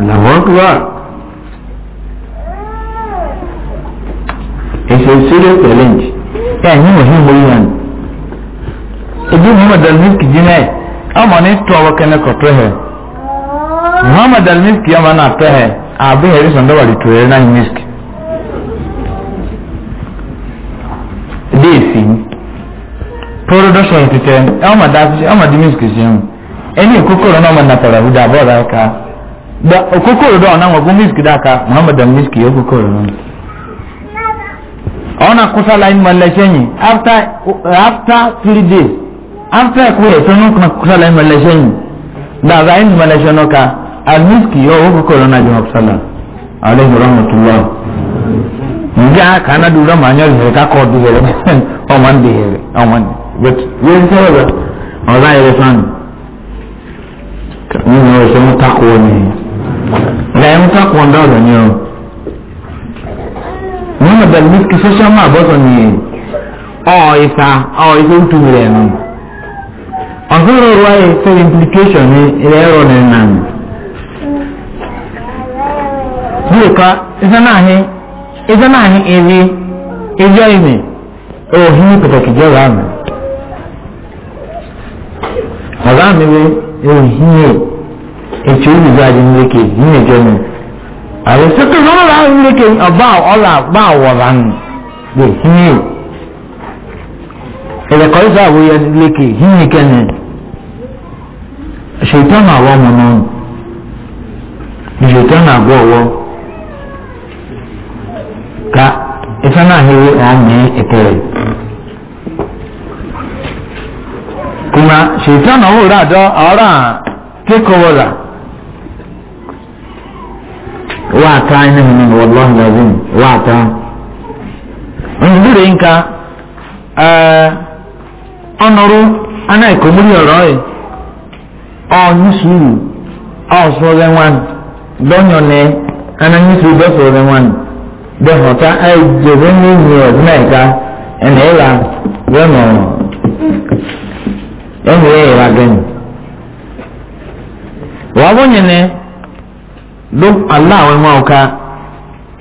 làwọn tó wà. it's a serious challenge ẹ̀ ní wọ́n yìí wọ́n yàn. ebi muhammad al-miski jina ẹ̀ ọmọ ní tó ọwọ́ kẹ́nẹ́ kọ̀ tó hẹ̀ muhammad al-miski ọmọ náà tó hẹ̀ àbí ẹ̀rí sọ̀ndọ́wà lè tó ẹ̀rí náà miski. déèsì production ti tẹ ẹ ọmọ dá sí ọmọ di miski sí ẹni ìkókòrò náà ọmọ nàpàlà ọdún àbọ̀ ọ̀dà ọ̀ka da okokoro da wannan wagun miski da ka muhammad da miski ya okokoro ne ona kusa line mallashe ne after after three days after ku ya sanu kuma kusa line mallashe ne da za yin mallashe no ka al miski ya okokoro na jama'a sallallahu alaihi rahmatullah nga kana dura manyar ne ka ko dire o man dire o man but yin sawa ba o za yi ni ne wasu takwo ne lẹ́yìn kákan dọ̀rọ̀ ni ọ. wọ́n lọ bẹ̀rẹ̀ ní sọ́sọ́ máa bọ́sọ̀ ni ọ̀ ìfà ọ̀ ìfẹ́ ń tumi rẹ̀ nù. ọ̀sọ́rọ̀ rọ ayé sọ implication ní ilẹ̀ ẹ̀rọ ní nàn. bíi ká iṣẹ́ náà ní iṣẹ́ náà ní ebi ẹjọ́ ìmì òhìn pàtàkì jẹ́wọ́ àmì. ọ̀gá mi wé òhìn yìí ètò olùgbàdì ńlẹkẹ níyẹjọ nù àwọn sọtọ lọrọ ńlẹkẹ ọba ọlà bá wọlà nù lè hìnyẹ ẹlẹkọ ìsọ àwòyẹ ńlẹkẹ hìnyẹ kẹnẹ ṣètò náà wọ ọmọ náà ṣètò náà gbọ ọwọ ká ìfẹ náà hẹwẹ ọmọ ẹtẹrẹ. kuma shaitan ọhụrụ adọ ọrụ a tekowo wata ina hannun wallahi lazim wata wani dure nka ọnọrọ e, ana ikomori ọrọ ẹ e. ọnyi suru ọsọ lẹwọn dọnyọnẹ ananyi suru dọsọ lẹwọn dẹhọta ẹjẹbẹ e, ní ìyẹn ọdún ẹka ẹnẹ ẹla wẹmọ ẹnìyẹ ẹwà gẹnu wàá wọnyẹnẹ don allah awon wa oka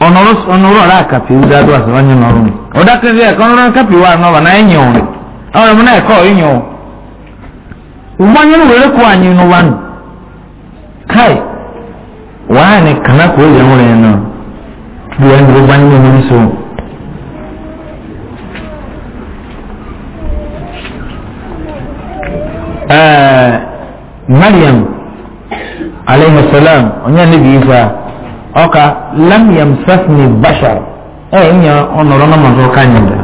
ọnọrọ ra kapi wúdà do àti wọn yẹn nọrọ mi ọdá kẹsì ẹ kọ ọnọrọ kapi wà nọba náà ẹyìn òun àwọn ọmọ náà ẹkọ ẹyìn òun wọn yẹn wẹrẹ kó ànyìn inú wa nù káì wàá ní kànáà kó yẹn wúrẹ yẹn bí wọn dúró bá nínú ẹni so. Eh, alayhi salam onye nabi isa ọka lam yamsasni bashar ẹ nya ọnọrọ na mọtò kanyada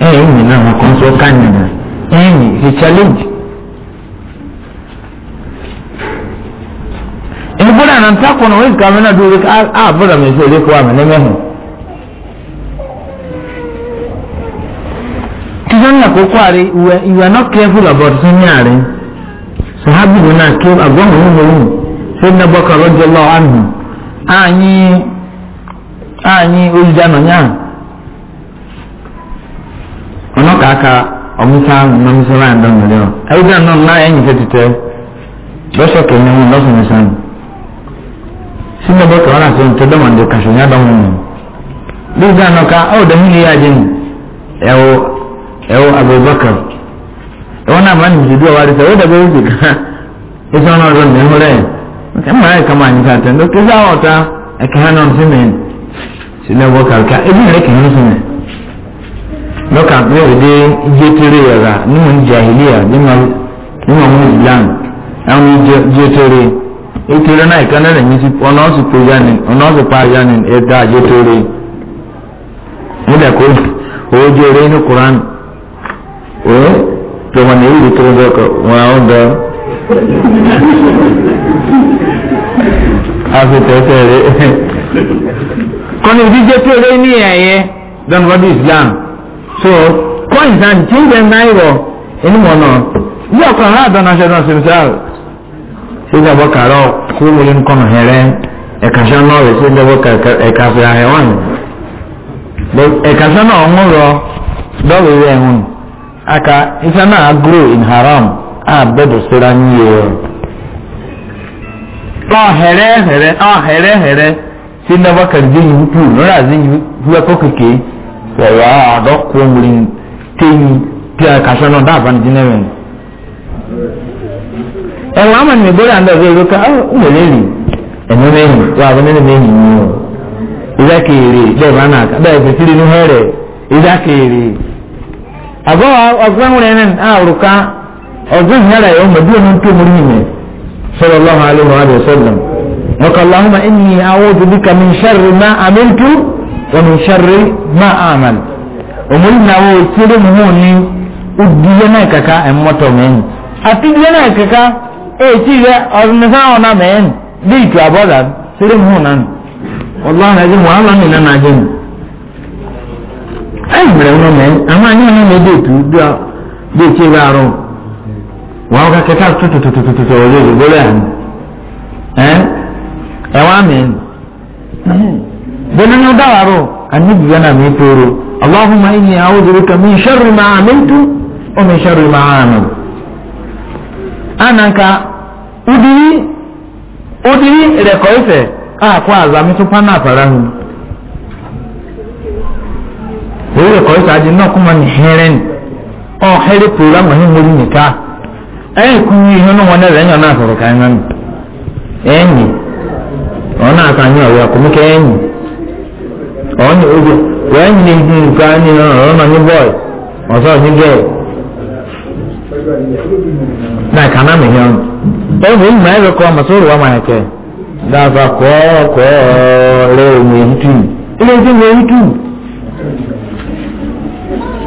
ẹ nya na mọtò kanyada ẹ nya he challenge ìbúra náà ntakùn náà wíìsì kàmínà dúró ká àbúrò mi sí ìdíkùn àmì ní mẹ́hùn. tíjọ́ nà kókó àrí you are not careful about sinmi àrí sahabi mu náà kí agbọ́n òun lòun sẹ́yìn abọ́kà rọ́jò lọ́wọ́ àná àyìn àyìn olùdáná nyà ọ̀nà kàkà ọ̀mùsá nàmùsọ̀rọ̀ àdánwòlẹ́ ọ̀ ẹ̀yìdá náà nná ẹ̀yìn fẹ́tìtẹ́ lọ́sọ̀ kẹ̀yìn wọn lọ́sọ̀ nìsan sẹ́yìn abọ́kà wọn àti ọ̀ntẹ́ dọ́mọ̀dé kàṣọ̀nyá dánwò nù lọ́sọ̀ náà ká ọ̀ dẹ́mi lè yá wọn náà máa ń nìyí dúró wá rí sọ wọ́n dàgbé wípé ká ẹsẹ̀ wọn náà rọ ní ẹ̀hún rẹ̀ ẹ̀ máa ẹ̀ka máa nìkan tẹ̀ ẹ̀ kéjá ọ̀tá ẹ̀ka hàn náà sí mi sílẹ̀ wọ́ kàrìkà ebi rẹ̀ kìí sí mi. lọ́kà pé òde iye tèrè yàrá nínú ìjà ìlíyà nínú ọmọ ìlànà àwọn iye tèrè ètèrè náà ìkànnì rẹ̀ ní ọ̀nà ọ̀sùpọ̀ yanin ọ̀nà ọ̀sùpọ̀ yanin ẹ̀dá iye tèrè nílẹ̀ òjò rẹ̀ inú to wani iri to zo ka wani da a fi tẹ́tẹ́rẹ́ kọ́ni ìdíje tó rẹ ní ẹ̀yẹ don what is islam so coins and children nairo ẹni mọ̀ náà yíyá ọkọ̀ ọ̀rá àdán náà ṣẹ̀dọ̀ sí ṣáà ṣé ìjàbọ̀ kàrọ̀ kó wọ́n yẹn kọ́nà hẹ̀rẹ́ ẹ̀ka ṣẹ́ náà rẹ̀ ṣé ìjàbọ̀ ẹ̀ka fi ahẹ́ wọ́n ẹ̀ka ṣẹ́ náà ń rọ dọ́wọ́ ìwé ẹ̀hún aka isa na grow in haram a gbọdọ sọra ní ẹ ọhẹrẹ hẹrẹ ọhẹrẹ hẹrẹ sí nọba kàrìdé yìí pù lọ́rọ̀ àti yìí wúwẹ́ kó kéke sọ̀rọ̀ àdọ́kọ̀ omi téyìn tí a kàṣọ náà dáàbà ní jìnnẹ́rẹ̀ ẹ̀wọ̀n àmà ní ìgbóra àndà ọ̀gbẹ́ ìlú ká ọmọ lẹ́yìn ẹ̀mọ́ lẹ́yìn wà á bọ́ mẹ́rin lẹ́yìn yìí ìdákèèrè lẹ́ẹ̀bà náà bẹ́ẹ̀ fẹ́ sílẹ̀ ní hẹ́rẹ̀ ìdákèèrè agwa ọgbọn wọn ẹni àrùka ọdún ìhẹ́rẹ́ ẹ̀yọ́ mọ̀dúwọ̀ ní tó mú yìí mẹ́ sọ̀rọ̀ lọ́wọ́ alẹ́wọ̀ adé sọ́dọ̀ ọkọ̀ lọ́wọ́ ẹni àwọn òbí ka mi ṣẹ́rì má àmẹ́ntú wọn mi ṣẹ́rì má àmàn òmùrí náà wọ́n kéré mu hàn ní ìdíyẹ náà kàkà ẹ̀mọ́tọ̀ mẹ́yìn àti ìdíyẹ náà kàkà èyí rẹ ọ̀rùnìfáwọn náà mẹ́yìn bí ìtù àbọ̀dà kéré mu hàn náà wọ́n lọ́wọ́ ìbẹ̀rẹ̀ wọn mẹ́ àmọ́ àní ọ̀nà mi dé tu bí bí ti bá rọ wọn kà kẹta tutututututu ọ̀rọ̀ yóò gbọ́dọ̀ àná ẹ wá mi bẹ́ẹ̀ ni ó dá wàá rọ àní bìbẹ́ náà mi tóoro allahumma inni a'udhu bika min sharri ma amiltu wa min sharri ma amil ananka udiri udiri rẹkọ ife a kó àzàmì tó pánà àpàrà hù ewe kɔrɔ saa di nɔ kuma ni hɛrɛ ni ɔ hɛrɛ program ɔhɛn mo di nika ɛyɛ kuru yi hɛn wɔn ɛlɛ nyɛ ɔna asɔrɔ kan na ni ɛnyi ɔna aka nyɛ ɔwɛ kɔmi kɛ ɛnyi ɔnyi oge wɛnyi ne di nika ni ɔna ɔnyi bɔy ɔsɛ mi hɛn ɔn ɔn mu ayɛ kɔ ɔma sɔrɔ wa ma yɛ kɛ dafa kɔɔ kɔɔ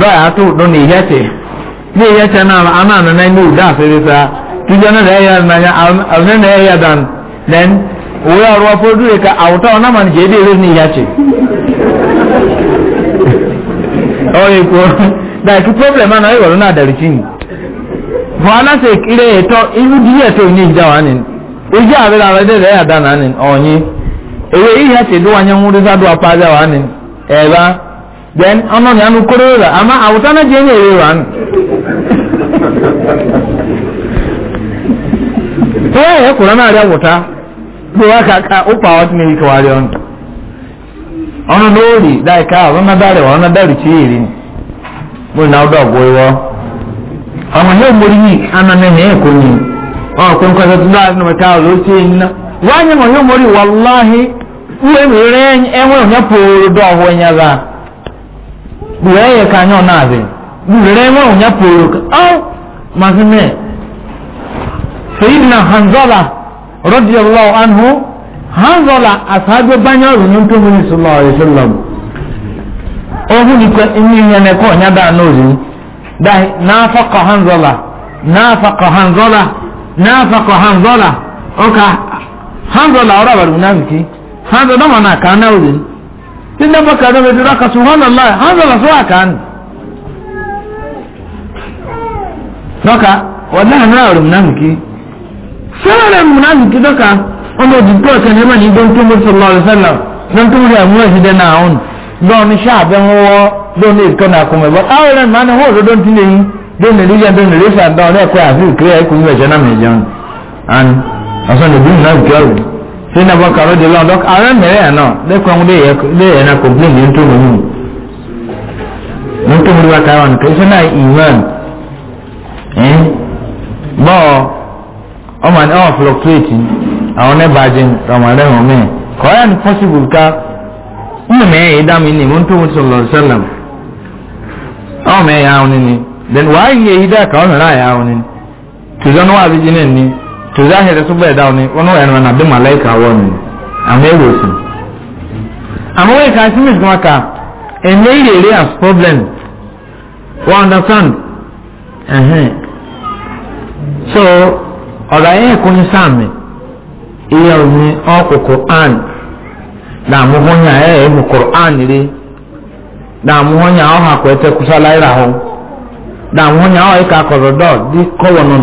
lọ́yà tó dún ní ìyẹ́tẹ̀ ní ìyẹ́tẹ̀ náà anáàna náà ní ìdá àfẹ́rẹ́sá tíjọ́ náà ẹ̀yà náà àwọn ẹ̀yà dàn then òwe ọ̀rọ̀ fọ́dú ìka àwùtọ́ ọ̀nà mà ní jẹ́ dé ní ìyẹ́tẹ̀. ọ̀rọ̀ èkó dàìkú problem náà ìwọ̀lú náà dàrí kí ni. fún aláṣẹ ìkíré ètò inú díẹ̀ tó ní ìjà wà ní ojú àbẹ̀rẹ̀ àbẹ̀rẹ̀ ẹ̀yà dàn ní ọ̀nyí èwe ìyẹ́tẹ̀ ló wà ní then ọ̀nà ni anu kóró ama àmà àwùjọ na jẹ́ ní èrè wà ya tó yà yẹ wuta. náà ka àwùjọ bí wọ́n kàkà ó pa ọ́ ní ìkọ̀ wárí ọ̀nà. ọ̀nà lóòrì dáìka ọ̀nà náà dárẹ̀ wọ́n náà dárẹ̀ ni mo ní àwùjọ ọ̀gbọ́ ìwọ́. ni wee yẹ ka anya náà zẹ rere wọn ò nyẹ polo ọ màsí mee sayidina na rọdiyallahu anhu hanzala asaabe banyọ ronyin tó mu ní sọlọ ọyọ sọlọ ohun nìkan ẹni na-ekwe ọnyá daa náà daa dáa náà fọkọ hanzala náà fọkọ hanzala náà fọkọ hanzala ọkà hanzala ọrọ àbàlùmí náà zìkì hanzala ọmọ náà kàn náà tunda baka da bai raka subhanallah hanza la so akan saka wallahi na rum nan ki sara munan ki daka ono dibbo kan ne mani don tumu sallallahu alaihi wasallam don tumu ya mu shi da naun don sha ben wo don ne kana kuma ba awran mana ho don tine yi don ne liya don ne resa don ne ko afi kire ku me jana me jan an asan da bin na ki sínú ẹ̀bọ̀n kàró di lọ́n dọ́kà ààrẹ mẹ́rẹ́ ẹ̀ náà lẹ́kọ̀ọ́ ń lé ẹ̀ náà kò gbìn ní ntòmù nù ntòmù ní wákàrà wọn kò sínú ìwọ̀n ẹ̀ bọ́ọ̀ ọmọ ní ọ̀ fluctuate àwọn nẹ́bàájẹ́ ọmọ rẹ̀ hàn mí kọ́ ẹ̀ ní possible ká nínú mẹ́rin yìí dámi ní ntòmù sọ̀rọ̀ sẹ́lẹ̀m ọmọ ẹ̀ yà áwọn ni then wàá yẹ yìí dá kàwọn mẹ́rin àyà áwọn ni tùzọ́nù wà bí jẹ́ ni. tuzahira su bai e dawo ne wani wayar mana bin malaika wani amma ya rosu amma wai ka shi mishi maka a e mai rere as problem we understand so ọ ayé kò ní sáàmì iye omi ọkùnkùn an dààmú hónyà ẹ̀ ẹ̀ mú kùrán rí dààmú hónyà ọ̀hà kò ẹ̀ tẹ́ kùsà láìra hó dààmú hónyà ọ̀hà ẹ̀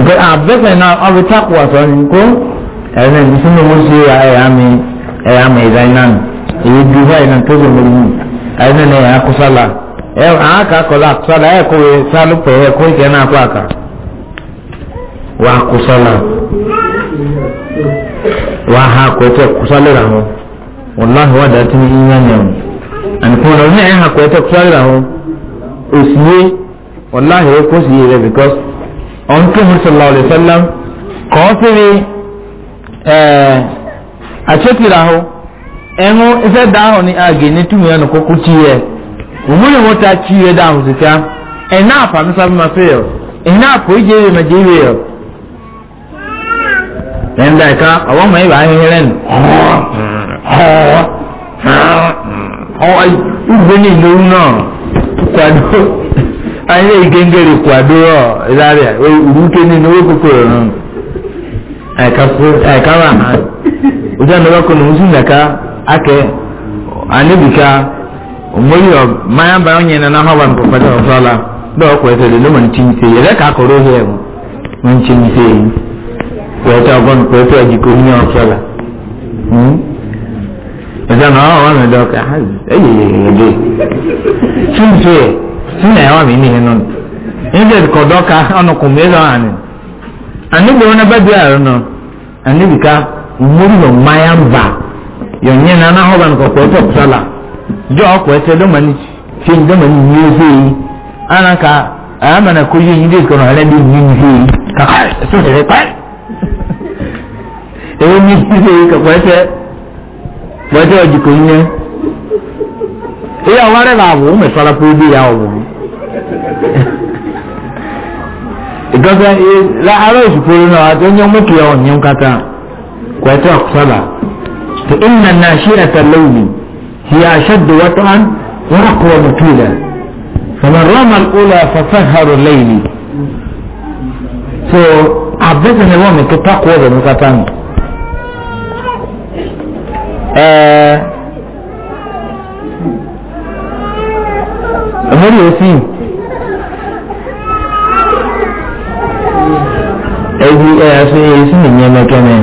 nke abẹ́fẹ̀ náà ọbẹ̀ tako àtọ́ ni kó ẹ̀rẹ́ mi sínú owó sí ẹ̀yà mi ẹ̀yà mi ìdá iná nù èyí ju báyìí náà tó sì mọ̀ nínú ẹ̀yìn náà ẹ̀yà kọ́sálà ẹ̀ àáka kọ́lá kọ́sálà ẹ̀ kọ́ sálùpẹ̀ ẹ̀ kọ́ ìkẹ́ náà kọ́ àkà wà kọ́sálà wà ha kọ́ẹ̀tẹ̀ kọ́sálà rà hó wàláhi wà dàtí ní yíyan yẹn ànìkú wọn náà ẹ̀ ha kọ́ẹ̀tẹ̀ kọ́sálà rà hó òsì ọ̀n tó hùn sọ̀lá ọ̀lẹ̀ sọ́lá kọ́ síbi àṣẹ́tìrà hù ẹ̀hún iṣẹ́ dáhùn ní àgè ní túmọ̀ yẹn kókó tí yẹ òmùnì wọn ta tí yẹ dáhùn síta ẹ̀ná àfàmì sábàmà fẹ́yọ̀ ẹ̀ná àpò ìjẹ́ yẹ mẹ́jẹ́ yẹ yọ. ẹ̀ńdà ẹ̀ka àwọn ọmọ ìbá ahẹ́hẹ́rẹ́ nù ọ̀ ìgbéni ìlú náà kwado anyị na-egengere kwadoro zaria uruke nínú owó kòkòrò rán àìkára àná ojú àná bá kọ́nà oṣù nàka akẹ́ ànébìká òmòyí ọ̀ máyà bá ọ̀nyẹ̀ nà náà wà ní pàpàtà ọ̀sọ́la bẹ́ẹ̀ ọkọ̀ ẹ̀sẹ̀ lè lọ́mọ nìkyí nìṣe yẹ lẹ́ka akọ̀rọ̀ ọ̀hẹ́ ẹ̀mú mọ̀ nìkyí nìṣe yìí wọ́ọ̀tà ọgbọ́n pẹ̀lú ẹ̀jìkọ̀ ní ọ̀sọ́la hmm? ẹ̀sẹ̀ náà wọ́n suna yawa mai nihin nun inda da kodoka ọnụ kuma ya zama ne anigbo na babi a rinu anibika muryo maya mba yonye na na hoban ko ko to sala jo ko ete do mani fin do mani ni ze ana ka ama na ko yin ndi ko na le bi ni ze ka so se pa e ni ze ka kwa ete ko ete o ji eya wale baabo umesala kuibi yao bubi ikasa la ala isukuru na watu onye mutu yao nye mkata kwa etu wa kusala fa inna nashiata lawli hiya ashaddu wat'an wa aqwa mutila faman rama al-ula fa saharu layli so abese ne wame kitakwa wa mkata eh uh, ọmọdé òsì ewu ẹ̀yà sí èsì nìyẹn mẹ́kẹ́mẹ́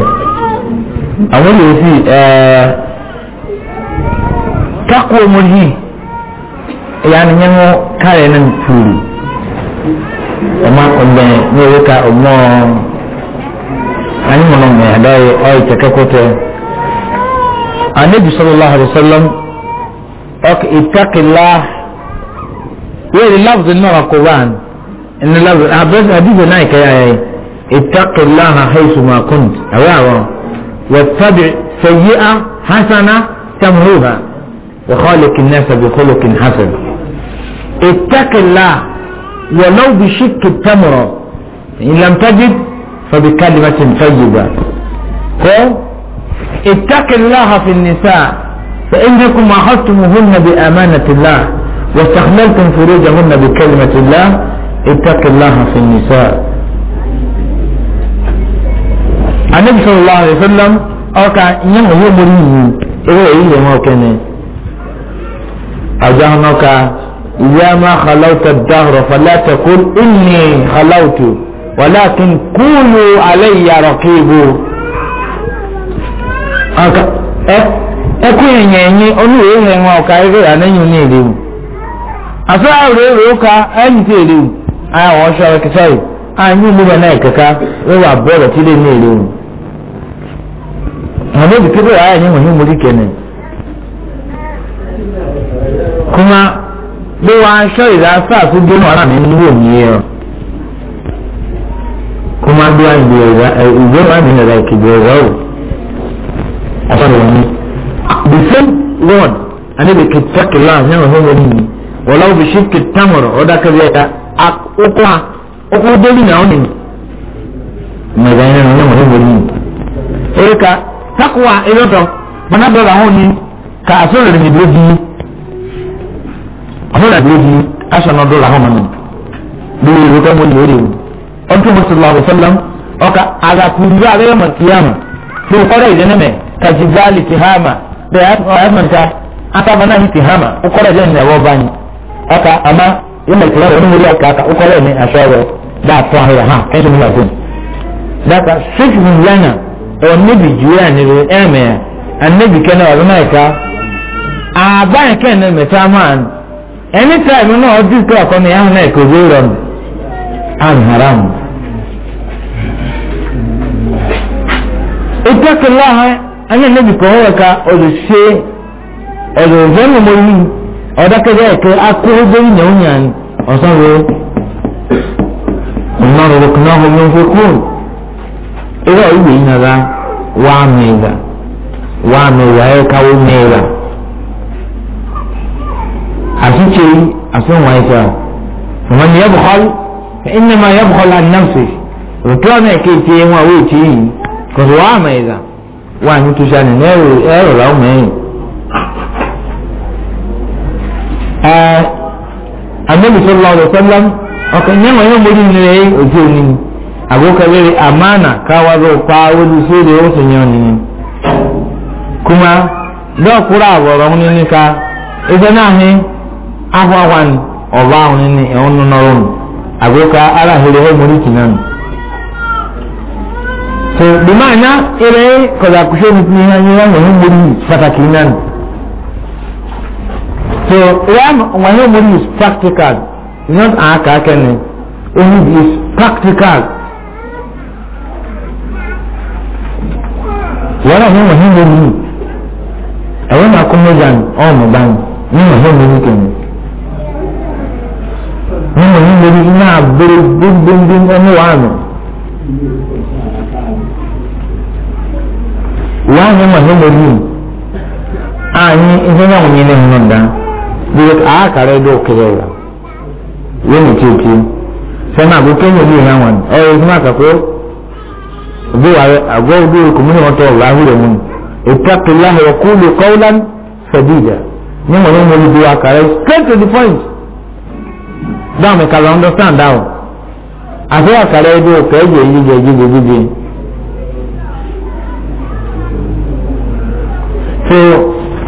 ọmọdé òsì ẹ̀ẹ́ kakú ọmọdé ẹ̀yà nìyẹn mọ́ kárẹ̀ náà pùrù ọmọ akọ̀gbẹ́ ní owó ká ọmọ anyị mụrụ mgbe ada ya ọ iteke kwute anabi sallallahu alaihi wasallam ọka itakila يعني لفظ النور القرآن إن لفظ أبس آه، أديب نايك يا يعني. اتق الله حيث ما كنت أواوا واتبع سيئة حسنة تمروها وخالق الناس بخلق حسن اتق الله ولو بشك التمرة إن لم تجد فبكلمة طيبة اتق الله في النساء فإنكم أخذتموهن بأمانة الله واستحللتم فروجهن بكلمة الله اتق الله في النساء النبي صلى الله عليه وسلم أوكا يوم يوم مريه إيه إيه ما كان أجاهنك إذا ما خلوت الدهر فلا تقول إني خلوت ولكن كونوا علي رقيب أوكا أكو ينيني أولو إيه ما أوكا إيه أنا يوني asa awore ụka anyị nte ere u anyị awa ọsọ kịsọrị anyị mmụba na ekeka wewa abụọ ti dị na-ere u na anyị nwere mmụrụ kene kuma bí wọn aṣọ ìdá sáàsì gbóná ara mi níwò ọrụ kuma o uh, ni the same wọlọ́wọ́ fi ṣíkì tamọ̀rọ̀ ọ̀dà kẹfẹ́ ẹ̀ka ọkọ̀ ọkọ̀ délì náà ọ̀nà mẹ̀gà ẹ̀rọ ní ọmọdé wọlé yìí. erika takuwa ìlọ́tọ̀ mọ̀nàbẹ̀rẹ̀ àwọn ni ka àfẹ́rẹ̀ rẹ̀ dúró di àfẹ́rẹ̀ dúró di aṣọ náà dọ́là àwọn ọmọ lórí ìlú kọ́mọ ní orí ọdún mùsùlùmí àwọn sọ́lám ọkà àgàkùnrin àrẹ́yọ̀ mọ̀kìyàmù lórí kọ́rẹ́ ìdẹ́nẹ́mẹ̀ kàjìgbálì tìhámà bẹ́ẹ̀ àtúntà àtàbọ̀nà ní tìhámà ó kọ́rẹ́ ìdẹ́nẹ́mẹ̀ wọ́ báyìí aka ama ina kira da wani aka aka ukwara ne a shawo da ta hira ha kai mun lagun daga sif mun lana annabi jiya ne da eme annabi kana wa zama ka a ba kan ne meta man anytime no odi ka ko ne ya na ko zuron an haram اتق الله أنا النبي كهوكا أو الشيء أو الظن مريم ọ̀dọ́kẹ́dẹ́ ẹ̀kẹ́ akóhógbé ìnáwóyàn ọ̀sánwó ọ̀nàrọ̀rọ̀ kan náà wọ́n fẹ́ kú ìwà ìwé ìnara wà mẹ́ra wà mẹ́ra ẹ̀ka wọ́n mẹ́ra àṣìṣe àfihàn ẹ̀ka ọmọ ni yẹ́bùkọ́l ẹ̀ńnàmà yẹ́bùkọ́l ànáfẹ́ rọ̀tọ́ náà kéèké wọn àwọn ètí yìí kọ̀sọ̀ wà mẹ́ra wà ní tuṣà nínú ẹ̀rọ ẹ̀rọ làwọn mẹ́rin. anabi sallallahu alaihi wasallam ọkàn ní wọn yóò mórí nílẹ̀ ojú òní ni àbókalẹ̀ àmàna káwáró pa ojú sóde ó sì yan nìyí kuma dọ́kúrò àwọ̀rọ̀ ń ní ká ẹsẹ̀ náà ní ahọ́ àwọn ọba àwọn ní ẹ̀hún nínú ọ̀rọ̀ nù àbókà aláhìlẹ̀ ó mórí kì náà nù. so bí máa ná eré kọ̀dà kùsọ́ ní ti ní ẹ̀yìn wọn yóò mórí pàtàkì so when when nobody is practical it's not aka kene is practical wọ́n àwọn wọ̀nyí ló ní ẹ̀wọ́n máa kó mẹ́jà ọ̀mù báyìí ní wọ̀nyí ló ní kẹ́mi ní wọ̀nyí ló ní iná àbúrò gbogbogbò ẹni wà nù wọ́n àwọn wọ̀nyí ló ní ààyè ìfẹ́ náà wọ̀nyí lẹ́yìn náà dáa bíi àákàrẹ́ ẹgbẹ́ òkèrè rẹ̀ lónìí kéèké sẹ́nà àgbo kẹ́yìn ní ìhà wọn ẹ̀ ẹ̀ fún àkàkọ́ àgọ́ ojú okùn mìíràn wọn tọ̀ ọ̀rọ̀ ahúrẹ̀ mu ìtàkìlá ẹ̀rọ kúlù kọ́ọ̀lán fẹ̀díjà ní wọn yóò mọ̀lẹ́bí àkàrẹ́ straight to the point dáhùn mi kàlọ́ understand dáhùn àti àkàrẹ́ ẹgbẹ́ òkè ẹ̀jẹ̀ jíjẹ jíjẹ jíjẹ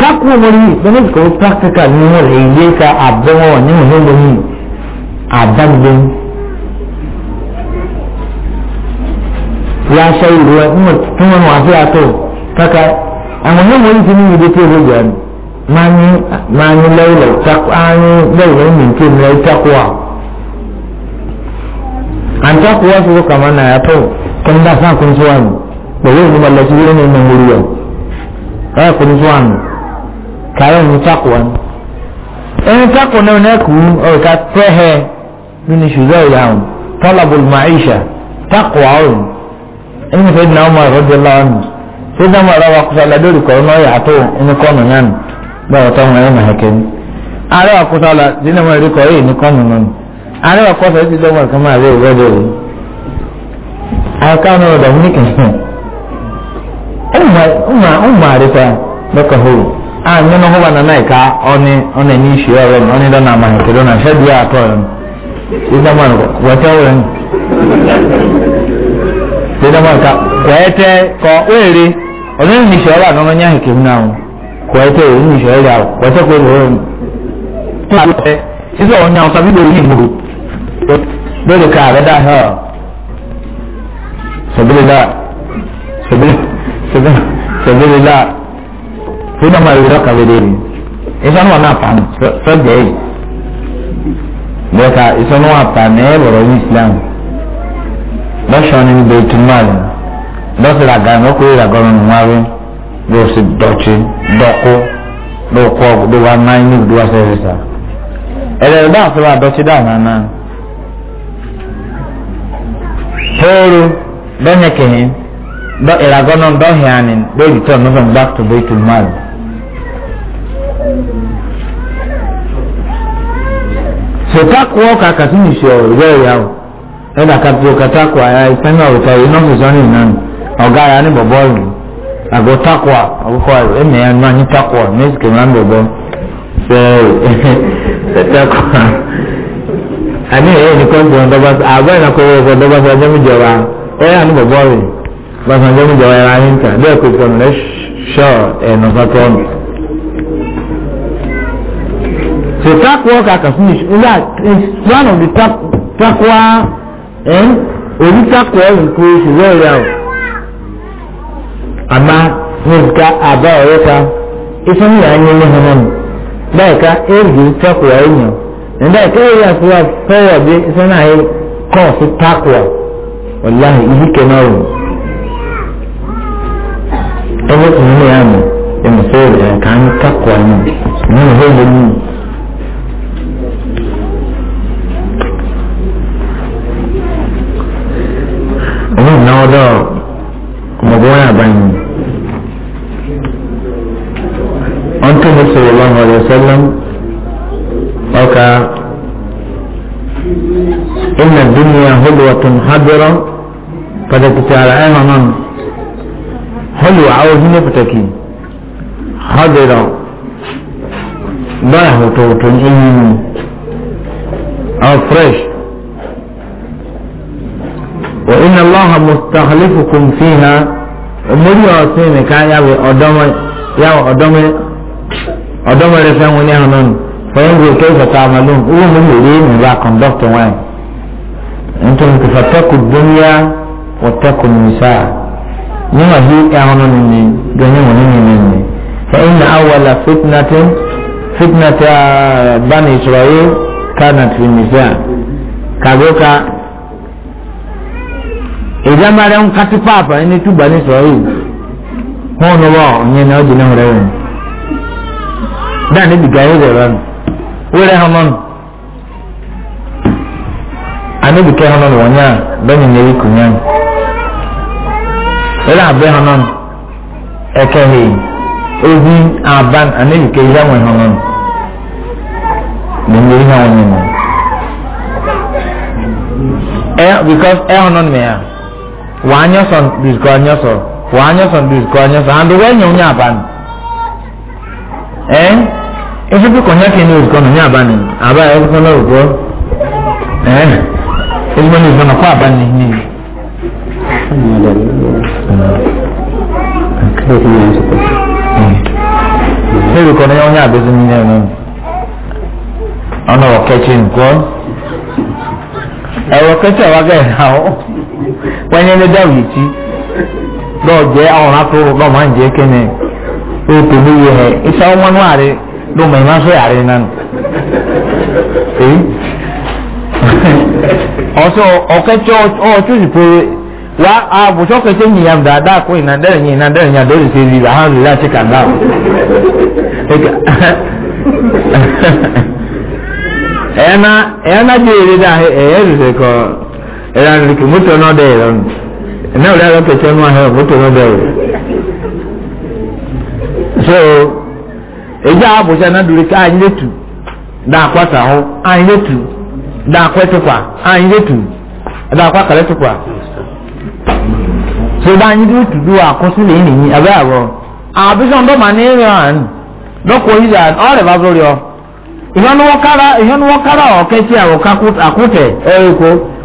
takwo mori bane ko practical ni mo le ye ka abowo ni mo le ni abagbe ya sai ruwa mo tun mo wa ya to kaka àwọn ni mo yi ni ni de te ro ya mani mani laila takwa ani laila ni ke ni takwa an takwa su kama na ya to kun da san kun suwa ni da yau ni mallaci ne mun muriya ka kun suwa ni kàrẹ́ ìhun takwa ni ìhun takwa náà náà kù ọ̀rọ̀ ká pẹ́hẹ́ nínú ṣùgbọ́n ìyàwó tọ́làbù màáìṣà takwa ọ̀rọ̀ ẹni fẹ́ dínà ọmọ ẹ̀rọ jẹ́ láwọn nù ṣé dáhùn ẹ̀rọ wa kúta lẹ́dọ̀ olùkọ́ náà yàtọ̀ ẹni kọ́nù náà nù báwo tó wọn ẹ̀rọ hẹ̀kẹ́ ni ààrẹ wa kúta la dínà ọmọ ẹ̀rọ kọ́ yìí ní kọ́nù náà nù wa kọ́ta ẹ̀ ti dọ́gbọ̀n ẹ̀kọ́ máa rẹ̀ ìwọ́dọ̀ rẹ̀ àyíká náà ọ̀dọ̀ mí kìí ẹ̀ ń mọ̀ àrífà lọ́kọ̀ hóòrùn a ah, nínú hó bàtà náà ìka ọ̀nì ọ̀nà ẹ̀yìn ìṣe ọ̀rọ̀ mi ọ̀nì dọ́nà àmà ìkẹlẹ́ ọ̀nà ṣẹ́bi àtọ̀ ẹ̀ ìdámọ̀ wọ̀tẹ́ wẹ̀ ní. ìdámọ̀ ìka kọ̀ẹ́tẹ́ kọ wéèrè ọ̀nà ẹ̀yìn ìṣe ọ̀rọ̀ àná nyá ìkẹ́ náà kọ̀ẹ́tẹ́ ẹ̀yìn ìṣe ọ̀rọ̀ wọ̀tẹ́ kọ̀ wẹ̀rẹ̀ mi. tó a lọ sísọ ọ̀nyà ọ̀sán bíbí òyìn ìgbòho lórí ká àrẹ dá hẹ́ọ̀ sọ̀bílẹ̀ dá sọ̀bílẹ̀ dá tó dá máa rírọ́ kàwé lórí ìsọ́nù wà náà pàmò sọ́jà yìí bẹ́ẹ̀ka ìsọ́nù wà pàmò ẹ̀ bọ̀rọ̀ ní islam lọ́sọ̀ ní ibẹ̀ ìtumọ̀lù lọ́sọ̀ làgà lọ́kọ̀ ìràgọ́rọ̀ nù wáwé ló sì dọ̀tí dọ́kú ló kọ́ ló wà náà ní ìdúwà sẹ́sẹ̀sà ẹ̀rẹ̀ bá àfẹ́wà dọ́tí dáná náà tóoru bẹ́ẹ̀ nìkẹ́yìn ìràgọ́rọ̀ dọ́hìn àná lórí tó ọ̀nà back to bẹ́ẹ̀ ìtumọ̀lù so takwa ka kasi ni se ọrọ ìwé ẹyà o ẹdá kàtó katakwa ẹ ìpẹ́ńlá ọ̀tá yìí náà fòsàn ní ni ọ̀gá ara ní bọ̀bọ̀ rẹ̀ àgọ́ takwa àkókò àrò ẹ̀mẹ̀ ẹ̀ náà ní takwa méjì kìí máa ń bọ̀bọ̀ ṣe ẹ takwa àní ẹ̀yẹ nìkan tó ń dọ́gba àgọ́ ìnáko ẹ̀yẹ kò dọ́gba sí ọjọ́ méjọba ẹ̀yà ní bọ̀bọ̀ rẹ̀ bàtà ọjọ́ méjọba ẹ̀rọ ayé ń tà bẹ́ẹ̀ kò sọ̀rọ̀ so takwa kaka finish that one of the tak takwa eh orí takwa ẹ̀rùn kó oṣù lọ́ọ̀rẹ́ àwọn àmà nìka àbá ọ̀rẹ́ ta iṣẹ́ ní àyè lẹ́hìn náà nù báyìí ká èyí takwa ẹ̀yàn nígbà tí ó yà fún wa fẹ́rẹ̀ bí iṣẹ́ náà yẹ kọ́ sí takwa wàláhì ìlú kẹ́nà ọ̀rùn ẹgbẹ́ tìǹbù yà mọ̀ ẹ̀mùsọ̀rọ̀ ẹ̀ka ní takwa náà nínú ìwé ìlú yìí. ọ̀dọ́ ọmọbìnrin àbáyé ọ̀ntọ́ mi sọ̀rọ̀ lọ́wọ́ ọ̀rẹ́ sẹ́lẹ̀m ọ̀ka ìnà dúnìyà hólùwàtún hábẹ́rọ́ pàtàkì tí ara ẹ̀ hàn náà hólùwà àwọn ìdílé pàtàkì hábẹ́rọ́ báyà hòtòhòtò ń yín nínú ọ̀ fresh. وإن الله مستخلفكم فيها أمري أسيني كان يابي أدومي يابي أدومي أدومي رفعوني هنون فينظر كيف تعملون هو من يريد إذا كندقت وين أنتم تفتقوا الدنيا واتقوا النساء نما هي أعنا مني دنيا ونمي مني فإن أول فتنة فتنة بني إسرائيل كانت في النساء كذوك ìjà máa rẹ̀ ń kátí pààpà ẹni túbà ní sọ̀rọ̀ yìí wọn ò lọ́wọ́ ọ̀yẹn náà ó jìnnà rẹ̀ rẹ̀ dáa níbi gàá yóò rẹ̀ nù wíwẹ̀ hàn mọ́nù àníbi kẹ́ hàn mọ́nù wọ̀nyá bẹ́ẹ̀ni ní eríkù yẹn wíwẹ̀ àbẹ́ hàn mọ́nù ẹ̀kẹ́ hìí ozi aban àníbi kẹ́ ìjà wọn hàn mọ́nù ní ní erí hàn wọn yẹn mọ́ ẹ because ẹ hàn mọ́nù mẹ́yà wanyoson diskonyoso wanyoson diskonyoso andu wenyo nyaban eh eso bi konya ke ni uskono nyaban aba eso na uko eh eso ni zona kwa ban ni ni Ebi kɔnɔ yɛ ɔnyɛ abɛsi mi nyɛ no ɔna wɔ kɛkyin kɔ ɛwɔ kɛkyin a wagɛ ha o wọ́n yẹn dáwì tí lọ́ọ̀jẹ́ àwọn akóró lọ́mọ ń jẹ́ kẹ́nẹ́ ó tó ní yẹ ẹ̀ iṣẹ́ ọmọ náà rẹ ló mọ̀ ìmọ̀ sọ yàrá náà nù. ọ̀sọ̀ ọ̀kẹ́tọ́ ọ̀ọ́túnṣì pé wa àbùsọ̀ kẹ́tẹ́ yìnyín àmì dáadáa kó ìnà dẹ́rẹ̀ yìnyín ìnà dẹ́rẹ̀ yìnyín àdóòrì ṣe rí ràhán rí láti kàdá. ẹ̀yán náà jẹ́ èrè dáa ẹ̀yẹ́ rẹ̀ kọ́. ẹ̀rọ àdìrìkì mọ́tò náà dẹ̀ ẹ̀rọ nù ẹ̀nà ìlú ẹ̀rọ kẹ̀kẹ́ nù ahẹ́ mọ́tò náà dẹ̀ so ẹja àbùsà náà dùrì ká àyìn letu dá àkwàtà hó àyìn lẹ́tù dá àkwẹ́tùkwà àyìn lẹ́tù dá àkwàkàlẹ́tùkwà. so dá àyìn lẹ́tù dùn àkọsílẹ̀ yìí nìyí abẹ́ àbọ̀ àbísọ̀ ndọ́mà ní ìran dọ́kọ̀ yìí dà ọ̀rẹ́ bá sọ̀rọ̀ ìhọ́nùwọ́kára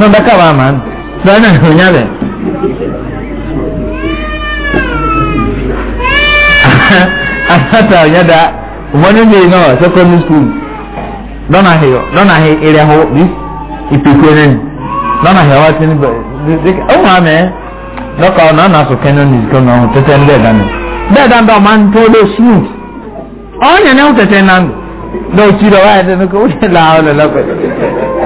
sọdọkà wà máa ń sọdọ náà ìròyìn rẹ. asata ọ̀nyẹ́dá wọ́n ní náà secondary school lọ́nàhì lọ́nàhì eré ahọ́ bí ìpèkúrẹ́ nínú lọ́nàhì ọwọ́ ti ní bẹ̀rẹ̀ ọmọ àmì ẹ̀ lọ́kà ọ̀nà ọ̀nà àsọ̀kẹ́ náà ní ìkọ́ náà tẹ́tẹ́ ń bẹ́ẹ̀ dánù bẹ́ẹ̀ dánù ọmọ ń tó lé smooth ọ̀nyẹ́ ní ó tẹ́tẹ́ náà lọ́ọ̀ tí lọ́wọ́ ẹ̀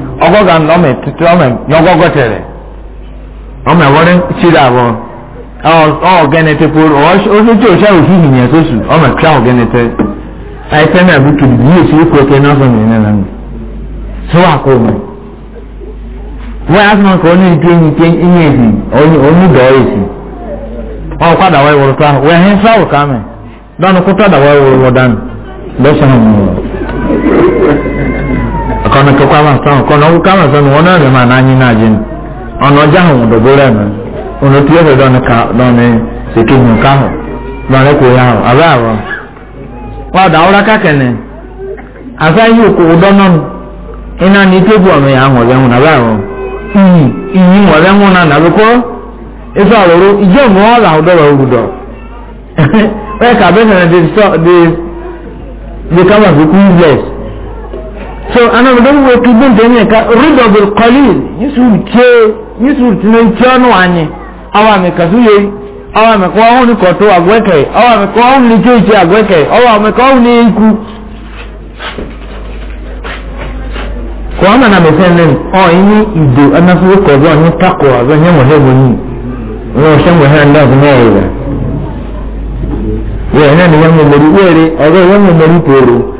ọgọga na ọmọ etiti ọmọ nyọgọgọ tere ọmọ ẹwọrin ṣírí àbọ ọgẹnẹtẹ poro oṣooṣi ọṣẹ òṣìṣì yẹn sóṣù ọmọ ẹkẹ ọgẹnẹtẹ àìsẹ náà bí tùdù bí èsì ikú ẹkẹ náà sọmọ ẹnẹ náà sọ àkó mi wọn á sọ kọ ọ ní ìtú ẹni pé ẹni èsì onídọọ èsì wọn kọ àdàwọ ìwòrò tó àwọn ẹhìn sáwò kàmẹ dánù kó tó àdàwọ ìwòrò wọ dánù lọsàn án mi ọ̀nà kọ́kọ́ àmàsán ọ̀kọ́ ọ̀nà ọ̀kọ́ àmàsán wọn náà rẹ̀ máa náà yín náà jẹun ọ̀nà ọjà àwọn òdòdó rẹ̀ mọ́ ọ̀nà tí yóò fẹ́ dọ́ni sèké nù káhọ̀ lọ́rẹ́ kò yá ọ̀ abẹ́ àwọ̀ wọn àdá ọ̀rá kákẹ́nẹ̀ àfẹ́yìn òkú ọ̀dọ́nà iná ní tébù ọ̀nà yà wọ̀ lẹ́hùn abẹ́ àwọ̀ iyì iyì wọ̀ náà nàbíkọ́ ife àwòrò ìjọ mọ́ so ana mu don wo ki bin da ne ka rido bil qalil yusu che yusu tinan chano anye awa me kasu ye awa me ko awon ko to agweke awa me ko awon ni che che agweke awa me ko awon ni iku ko ama na me sen len o yin ido ana fu ko zo ni tako azo nye mo hebo ni wo shen wo han da ne ye ye na ni yan mo mori were azo yan mo mori poro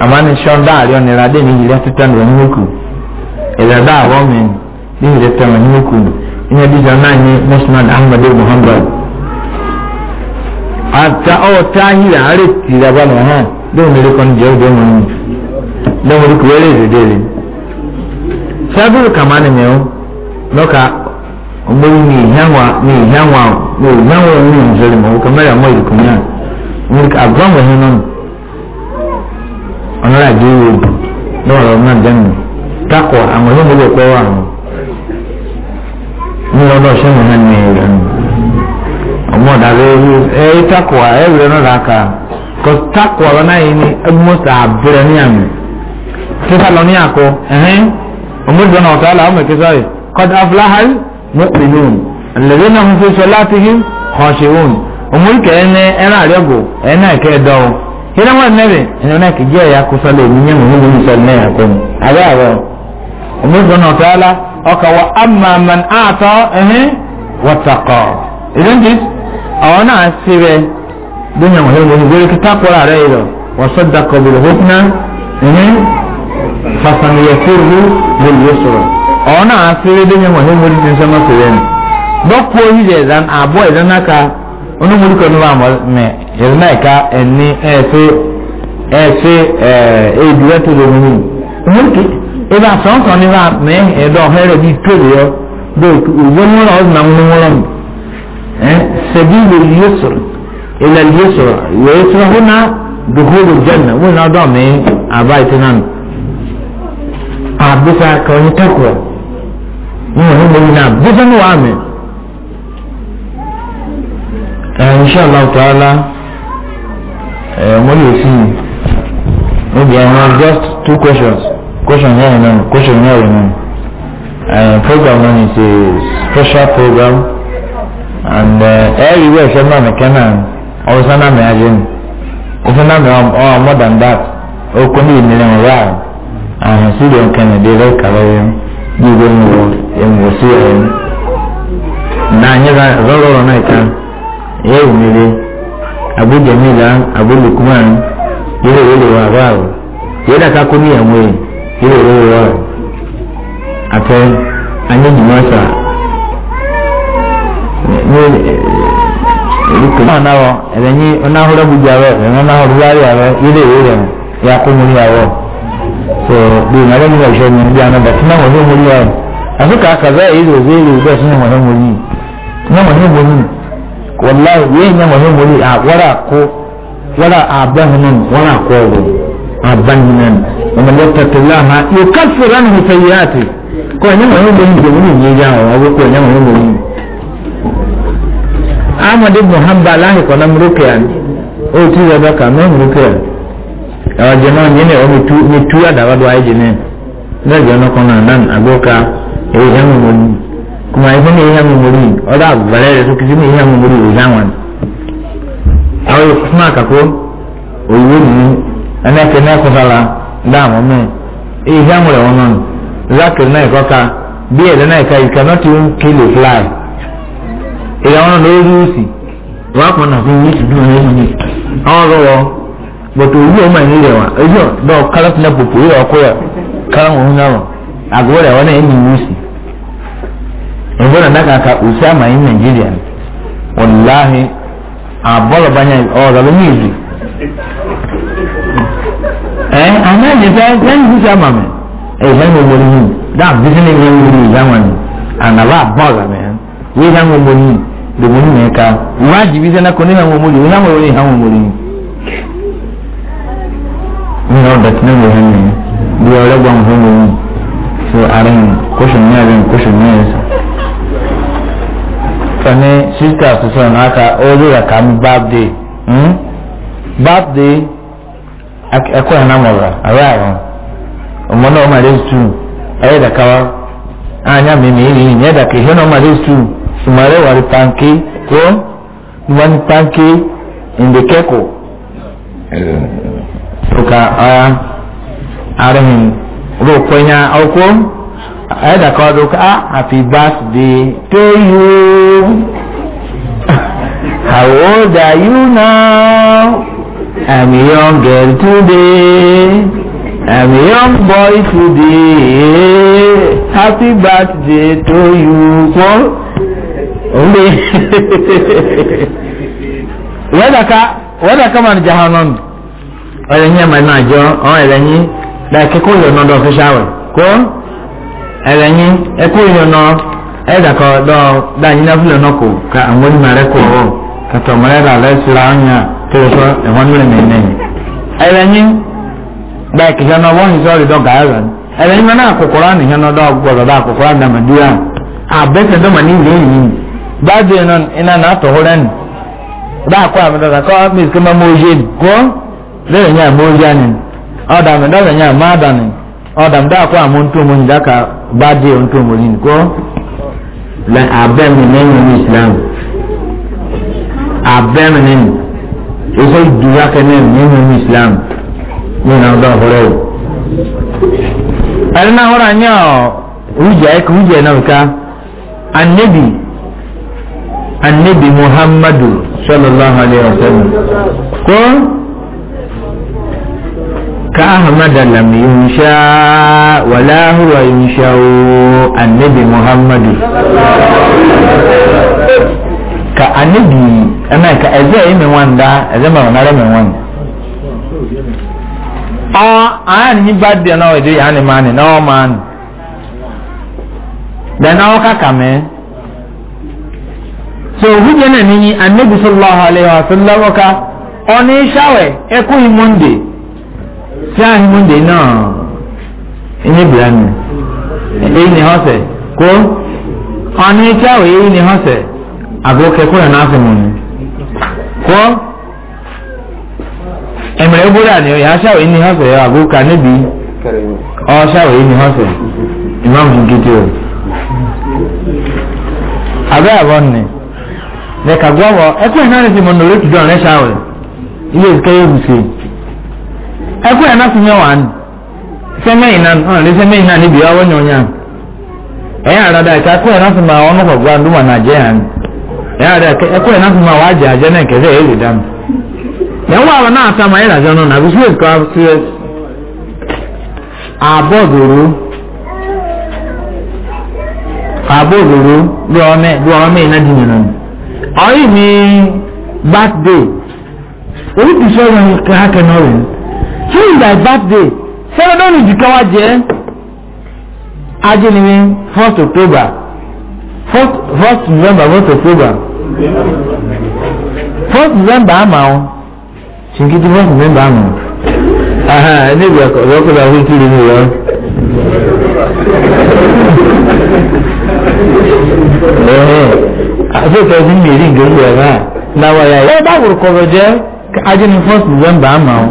amani shon da ariyo ne rade ni hile tetan wa nuku ila da wa ni hile tetan wa nuku ina bi zana ni musnad ahmad ibn hanbal hatta o abụọ ari ti da bana ha do mi kon je do do ku de sabu ne o ni hanwa ni hanwa ni mo mo ikunya ni mo hinon ọ̀nàrà àjẹ́ ìwé òbí lọ́wọ́ ọ̀rọ̀ náà dẹ́nu takọ̀ àwọn yóò mú lòpọ̀ wà wọn. ní ọdọ ṣẹ́nu náà ní ẹ̀rọ nù ọmọ ọ̀dàbẹ̀ ẹ̀ ẹ̀ takọ̀ ẹ̀ wúlẹ̀ náà làákà kò takọ̀ ọ̀rọ̀ náà yìí ní ẹgbẹ́mọ́sà àbúrẹ̀ ní àmì fífà lọ ní àkọ ẹ̀hẹ́n ọmọdé náà ọ̀tá làwọn mẹ̀kẹ́ sọ́ọ̀rì kọ́dà afúláhàl mọ́pìlún hira wọn nẹbẹ ẹni náà kìí jẹ ẹyà kúsọlẹ èmi yẹn mọ níbi nísọlẹ náà yà kọ́ni àbẹ àbẹ ọmọ ìgbọnà ọ̀tàlá ọkà wọ amaman àtọ ẹhìn wọtakọ ìdíjì àwọn náà ṣe bẹ bóyá wọn yẹn wọn gbé kíkà kúrò àrẹ yìí lọ wọn sọ dakọ bìrì hókùnà ẹhìn kíkà kúrò àrẹ yìí lọ wọn sọ dakọ bìrì hókùnà ẹhìn fasaniyẹkúrú lórí yóò sọrọ onímọ̀lú kan náà mọ̀ mẹ́ yẹ̀rọ náà ká ẹni ẹ̀ẹ́fẹ́ ẹ̀ẹ́fẹ́ ẹ̀ẹ́dúrẹ́ tó lè mú un kí ẹ̀dá sọ̀nsọ̀n ní wàá mẹ́ ẹ̀dá ọ̀hẹ́rẹ́ bíi tóbi yọ bẹ́ẹ̀ ìwọ́nú wọn ọ̀dùnà ń mú wọn ẹ̀ sẹ́bí ilẹ̀ yóò sọ̀rọ̀ ilẹ̀ yóò sọ̀rọ̀ yóò sọ̀rọ̀ wọn náà dùkúrò jẹ́nà wọn náà dọ̀ mí àbá ìtẹ́nà nù àbúkà kàwọn ní tẹ́kọ̀ọ́ inṣàlá ọ̀tàlá wọ́n lè sí níbi àwọn just two questions question here, náà question here, rẹ̀ náà program náà is a special program and ẹ̀rí wẹ̀ ṣẹ́ náà nìkan náà ọ̀sán náà mẹ́ra jẹ́ mi ọ̀sán náà more than that okun ní ìmìlẹ̀ ọ̀rá àhùn sílẹ̀ nǹkan ẹ̀dẹ́ lẹ́kàlẹ́ yẹn bí ìwé mi wọ ẹ̀mí wọ sí ẹ̀yẹn náà nyẹ́ rọ́rọ́ náà kan ẹ̀yẹ́ òmìnire abújẹmíla abúlùkúmán yóò wọlé wà wá o yóò dàka kó ní ẹ̀wọ̀n ẹ̀ yóò wọlé wà o àfẹ́ anyéjìmọ́ sà ní ìkùmá náà wọ ẹ̀rẹ̀ ní ọ̀nàhóró bujà rẹ ẹ̀rẹ̀ ọ̀nàhóró wárí rẹ yóò wọlé rẹ yà kó múlí rẹ so bí ìmọ̀lẹ́ nígbà ìṣẹ́ mi níbi àná bàtí náà wọ́n ní múlí rẹ àfikà kàzá èyí ló zé lè bẹ́ẹ̀ sí ní wọ́n ní múlí náà wọ́n ní múlí wàláyé yéé nyẹ wọ́n mọ̀lẹ́ à wọ́rọ̀ àkó wọ́rọ̀ àbáhinan wọ́rọ̀ àkó ọ̀wọ̀ àbáhinan ọmọdé tẹ̀tẹ̀lá ha yóò ká fúra ní ìfẹ́ yìí àti kọ́ ẹ̀nyẹ́ wọ́n mọ̀lẹ́ ní ìjẹ̀wọ́n yìí yá ọ̀ ọ̀wọ́ kọ́ ẹ̀nyẹ́ wọ́n mọ̀lẹ́ ní. ahmed muhammad alahi kọ́nà mùrùkìá ó ti rẹ̀ dọ́kà mẹ́ mùrùkìá àwọn jẹ̀ náà yẹn ẹ̀wọ́ mi tú àdàbàdo ayé jẹ̀ náà lẹ́jọ́ náà kọ́nà àdán àgbọ̀ká èyí ẹ̀ kuma ya sani iya mu muri ọdọ agbara rẹ tó kìí iya mu muri òyìn àwọn àwọn yòókù fún àkàkọ òyìnbó nìyí ẹnẹ kẹ náà kọ sára dáàmú mi èyí sí àmúrẹ wọn nọ zákìrì náà ẹkọ ká bí ẹdẹ náà ẹka you cannot even kill a fly èyí àwọn ọ̀nà orí òsì wàá pọ̀ náà fún yéésù dùn ẹ̀yìn mi àwọn ọ̀rọ̀ wọ bọ̀tù òwú ọmọ ẹ̀yìn rẹ̀ wá ojú ọ̀ dọ̀ kálọ́tì náà pòpò yóò ọkọ yọ kálọ́ wọn náà àgọ́ rẹ̀ wọn náà ẹ̀yìn ẹgbẹ́ náà kàkà òsì àmà yín nàìjíríà wàláhì àbọ̀lọ̀ bányà ọ̀rọ̀ ló ní ìlú. ẹ àná ìjẹta lẹ́yìn sísè àmà mi ẹ ìlànà ìwọ ni yìí dáà bísí ní ìlànà ìwọ ni yìí dáwọn ni ànàbà àbọ̀lọ̀ mi hàn wíì hàn wọn mọ̀lì lòmù ní mẹ́ka wájú bísí náà kò ní hàn wọn mọ̀lì wíì hàn wọn mọ̀lì hàn wọn mọ̀lì. mi náà dàtí náà wọ̀ hàn mi bí ọ̀rẹ́ gbọ́n fún mi so àárín kóṣù mẹ́rin kóṣù mẹ́rin sọ sani sista na n'aka ọrụ ya ka m birthday hmm? birthday ẹkọ ẹ̀ náà mọ̀ra àwẹ̀ àrùn ọmọ náà ọmọ àdéhùn tù ẹ̀yẹ dàkàwá ànyà mímì ìrìn ìyẹn dàkà ìhẹ́ náà ọmọ àdéhùn tù sùmọ̀rẹ́ wà rí pànkì tó wọ́n ní pànkì ìndèkẹ́kọ̀ ọkà ọ̀ya àrùn rò pẹ̀yà ọkọ̀ ẹ̀dà kan ló ká happy birthday to you how old are you now i'm a young girl today i'm a young boy today happy birthday to you wọ́n ń lè wẹ́dàká wẹ́dàká máa ń jẹ́ hàn náà ọ̀rẹ́ yẹn máa ń náà jọ ọ̀rẹ́ yẹn dáa yọ̀ náà dọ̀ fi ṣáwẹ̀ kó ẹlẹ́yìn ẹkú èèyàn náà ẹ̀dàkọ̀ dọ́ dáyìn náà fúlẹ̀ náà kò ka àwọn onímọ̀ rẹ̀ kò wọ̀ kàtọ̀ mọ̀lẹ́dà lẹ́sìlá ọ̀nyà tó yẹ sọ ẹ̀wọ̀n lórí nìyẹn. ẹlẹ́yìn bẹ́ẹ̀ kìsẹ́ náà wọ́n yìí sọ́ọ̀rì dọ́gà ẹ̀rọ ẹlẹ́yìn náà kòkòrò nìyẹn náà dọ́ gbọ́dọ̀ dá kòkòrò àdàmàdúrà àbẹ́sẹ̀ dọ́mà ní ìlú yìí báàdì náà iná náà tọ̀ hóra nì dáàkọ́ àmọ́dọ́ta kọ́ miss kí máa mọ bá dé ohun tó mọ̀ ní kọ́ abẹ́mi nínú ní islam abẹ́mi nínú iṣẹ́ ìdúrà kẹ́nẹ́ nínú ní islam ní ìlànà ọ̀dọ́ ọ̀húnrẹ́ o. ẹni náà wọ́n rà ní ọ̀ wújẹ́ ẹ̀kọ́ wújẹ́ náà ká anabi anabi muhammadu sallallahu alayhi wa sallam kọ́. كأحمد لم ينشا ولا هو ينشا النبي محمد كأنبي أما كأزاي من وان دا أزاي من وان من وان آه أنا نباد دي أنا ودي أنا ماني نو مان دي نو كاكامي so hujja na ni annabi sallallahu alaihi wasallam ka oni shawe e kuyi monday sáà ní monday náà ẹni bìrà mi èyí ni họ́sẹ̀ kó ọ̀nà ìkí àwọ̀ èyí ni họ́sẹ̀ àgọ́ kẹ́kọ̀ọ́ yẹn náà fẹ̀mọ̀ ni kó ẹ̀mẹ̀rẹ̀ gbọ́dọ̀ àná ìyá sáà èyí ni họ́sẹ̀ àgọ́ kà níbi ọ̀ sáà èyí ni họ́sẹ̀ ìmáàmù gidi o abẹ́ àbọ̀ ni lẹ́ka gbọ́ wọ ẹ̀kọ́ ìnáyẹ̀ ti mọ̀ nà orí kìdọ̀ rẹ̀ sáà ilé ìkẹyẹ̀ ògùsè. ẹkú ẹ̀ náà kúnyẹ́ wà ní sẹ́mẹ́yìn náà ọ̀n lé na náà níbi ọwọ́ nyọ̀nyà ẹ̀yà àràdà ẹ̀ka ẹkú ẹ̀ náà fún ma ọ̀nà kọ̀ọ̀gbọ́ àdúmọ̀ náà jẹ́ yàn ma during thy birthday sẹ́wọ́dọ́nù jìkọ́wá jẹ́ ajé ni mi first october first first november first october first november àmà ọ́ ṣìǹkìtì first november àmà ọ́ ẹni ìgbà ọ̀rọ̀kọ̀lá ọ̀hún kiri mi rọ. àti ìfẹ́ sí mi rí nǹkan ìgbà náà náà wáyà ẹ̀ bá wòlùkọ̀rọ̀ jẹ́ ajé ni first november àmà ọ́.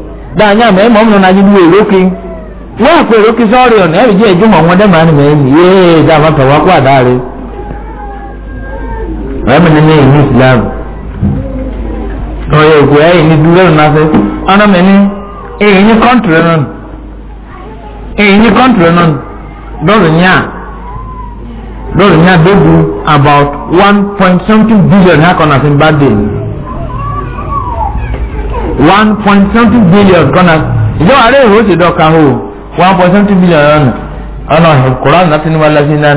danya ma ịmụ m nọ n'anyị bụ eroke nwa akwa sọ ọrịa na ebe ji eji ụmụ nwa dema anụ mee yee dama pẹwa kwa adaari ọ ebe nene ọ ya okwu ya yi ni dúró nù n'afẹ ọnà mi ni èyí ni kọ́ntìrì nù èyí ni kọ́ntìrì nù dọ́lù about one point something billion ha kọ́ na fi bá one point something billion kọ́nà ìjọ àárẹ̀ ìwé ó ti dọ́ka hó one point something billion ọ̀nà ọ̀nà kùránù láti ní malasi náà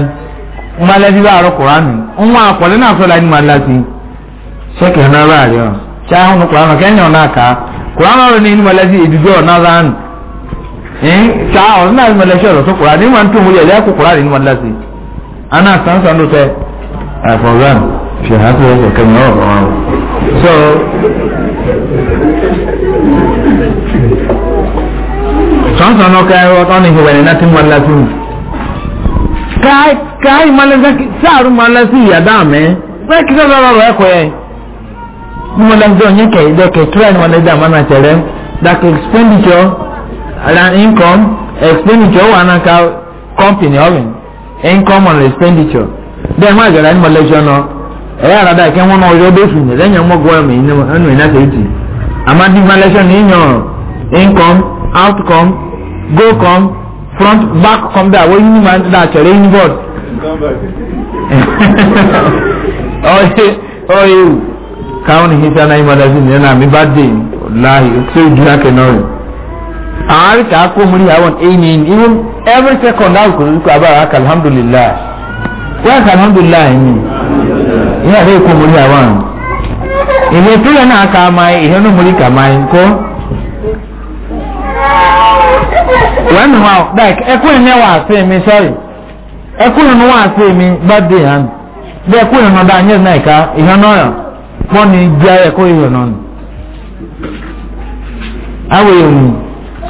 malasi bá àrọ kùránù ńwá àpọ̀lẹ́ náà Koran ọ na ṣẹ́kì ọ̀nà bá rẹ̀ ọ̀ ṣé àwọn ọ̀nà kùránù kẹ́yìn ọ̀nà àká kùránù ọ̀rọ̀ ní malasi ìdúdú ọ̀nà ránù ṣá ọ̀nà ní malasi ọ̀rọ̀ tó kùránù ní màá tó mú yẹlẹ́ kó kùránù ní malasi sɔnsɔn n'o kɛ ɔtɔ ni hiwɛni na ti mɔlɛ fi mu kaayi kaayi mɔlɛ fi saaru mɔlɛ fi yada mɛ bɛɛ kisɛ dɔ lɔrɔ ɛkɔ yɛ mɔlɛ fi dɔ nye kɛ dɔ kɛ tura ni mɔlɛ fi dama na tɛrɛ dak expenditure and income expenditure wa na ka company ɔbɛn income and expenditure bɛɛ ma jɔra ni mɔlɛ fi ɔnɔ ɛyɛ ara da kɛ ŋun na ɔyɔ bɛ mi ɛnu ɛna amadi mɔlɛ fi ɔnɔ income out come go come front back come there wọ́n you máa ń dá àtẹ̀rẹ́ yín board. ọ̀hẹ́ ọ̀hẹ́ ewu káwọn ní hisa náà yín máa dájú nìyẹn náà mi bá dé láàyè tí ó dúró akẹ́ náà rẹ̀. àárín kà kó múlí àwọn ẹ̀yìn ẹ̀yìn even every second náà kò ní kó abára aka alhamdulilayi wọ́n aka alhamdulilayi yìí yín àdéhùn kó múlí àwọn. ìwé tó yẹ náà ká máa ìhẹ́nu múlí kà máa ń kọ́. wẹ́n mi like ẹkú yẹn ní sorry ẹkú yẹn ní wà mi birthday na bí ẹkú yẹn náà dá nyẹ́ náà ìka ìhẹ́ náà yà wọ́n ní jẹ́ ẹkú yẹn náà nù. awọ ewu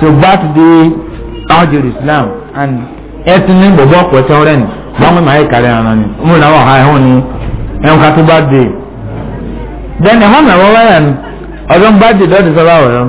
so back to islam and ẹtún ní gbogbo ọ̀pọ̀ ni wọ́n máa yẹ kárẹ̀ ara ni mo náà wà ha ẹ̀hún ni ẹ̀hún ká tó birthday then ẹ̀hún náà wọ́n wáyà ni birthday sọ́lá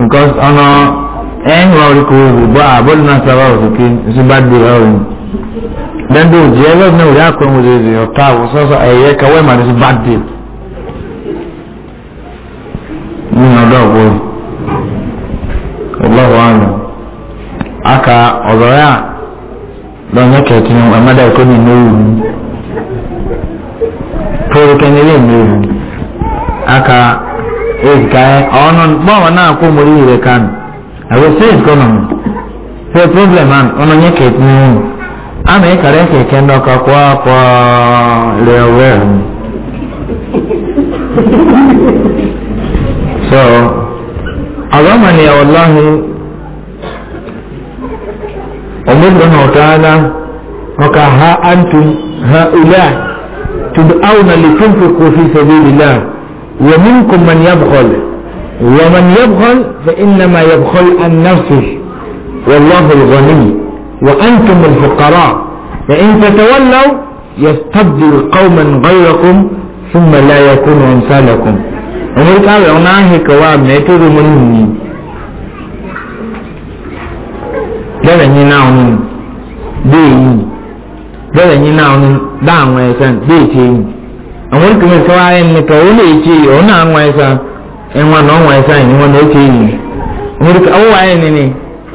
because ọ̀nà ẹ̀yìn wọn rí kò rò bọ́ àbọ̀lù náà sábà òsèké sí bá dé ọ̀rọ̀ yìí dẹ́ndé òjì o náà rí àkọ́yìn wò lè ọ̀tá àwòsọ́sọ́ ẹ̀yẹ kẹwọ́ ìmọ̀ ní bad bá dé ní ọ̀dọ́ ọ̀pọ̀ ọlọ́wọ́ aka ọ̀rọ̀ yà lọ́nyẹ́ kẹ̀kẹ́ ní ọ̀mọ́dá ẹ̀kọ́ ní ìnáwó yìí aka ezgae ọnụ mgbanwe na-akwụ mụrụ ire kan awụsị ekonomi fe problem an ọnụ nye ka etinye ụmụ a na ịkara keke ndị ọka kwọ kwọ rewe so ọgọmani ya wallahi ọmụdụ na ọtaala ọka ha antum ha ula tub'auna litunfiqu fi sabilillah ومنكم من يبخل ومن يبخل فإنما يبخل عن نفسه والله الغني وأنتم الفقراء فإن تتولوا يستبدل قوما غيركم ثم لا يكون أمثالكم أمريكا مني àwọn ìkùnmí sọ ayé nìkan ó lè jẹ òun náà ń wá ẹsà ẹwọn náà ń wá ẹsà yìí wọn náà jẹ yìí òun rí owó ayé nìní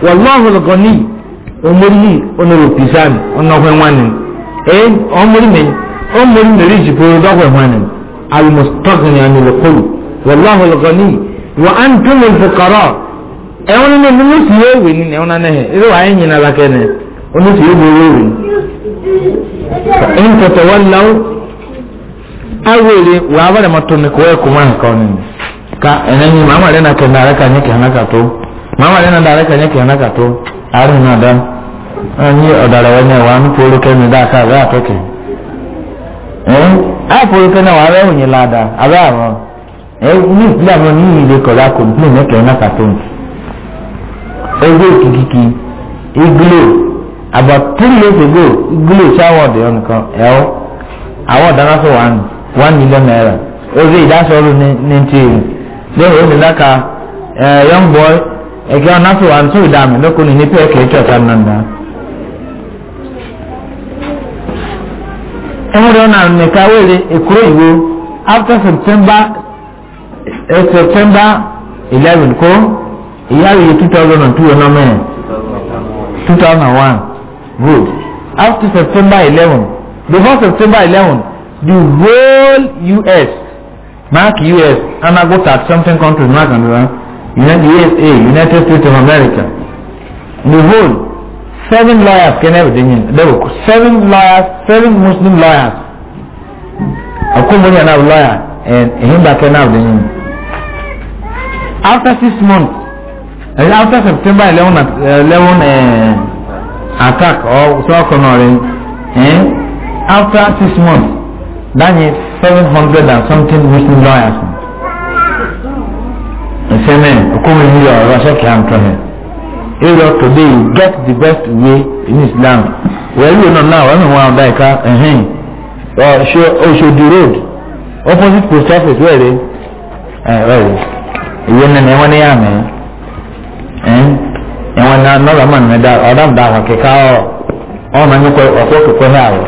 wàlúwàhùn lọkàn ní ọmọlì ọnàrò pìsàn ọnàkọ ẹwọn ni ẹ ọmọlì mi ọmọlì mi rí ìsìnkú ọdọkọ ẹwọn ni alimusitọkìnrin ànilọkọlù wàlúwàhùn lọkàn ní wà á ń tún lè fọkàrọ ẹwọn ní Awele, wa bare kwa kumana kwa nini? ka wani mama lena kenda na raka ne to mama lena da raka ne ka na to arin na da odara wani wa ni poro ke mi e? da ka ga to eh a poro ke na wa re wani lada aba ro eh ni islam ni ni le ko la ko ni ne to ogo kikiki iglo about three years ago iglo shower de on kan e, el àwọn dáná sọ one million naira orí ìdásọ́rù ní ti rìn lẹ́yìn omi láka young boy ẹ̀gẹ́ ọ̀nàfọ̀ wà tó ìdààmú lọ́kùnrin ní pẹ́ẹ́kì ẹ̀kẹ́ ọ̀tá nàndà. ẹ̀mọ́dé ọ̀nà nìka wéèrè èkúrò ìwé after september september eleven kó ìyá rèé two thousand and two ọ̀nà mẹ́rin two thousand and one good after september eleven before september eleven the whole us mark us and i go start something country mark and right uh, united usa united states of america the whole seven lawyers can have been there were seven lawyers seven muslim lawyers akumuni and lawyer and him that can have been after six months after september 11 uh, 11 uh, attack or so on eh after six months danyi seven hundred and something muslim lawyers nsẹmẹ okòwò yìí ọrọ aṣẹkẹ àǹtọ yẹn area today get the best way in islam Well, you wẹ́ẹ́rì yóò náà wẹ́ẹ́ mi wọ́n àdá ìka ẹ̀hìn ọ̀ṣọ́dì road opposite post office wẹ́ẹ̀rẹ́ ẹ̀rẹ́ ìwé nínú ẹ̀wọ̀n ní àmì ẹ̀wọ̀n náà nọ́ọ̀rọ̀ mọ̀ nínú ẹ̀dá ọ̀dàmdà àwọn kẹ̀kẹ́ ọ̀ ọ̀nà nípa ọ̀pọ̀ kẹ̀kẹ́ náà rẹ̀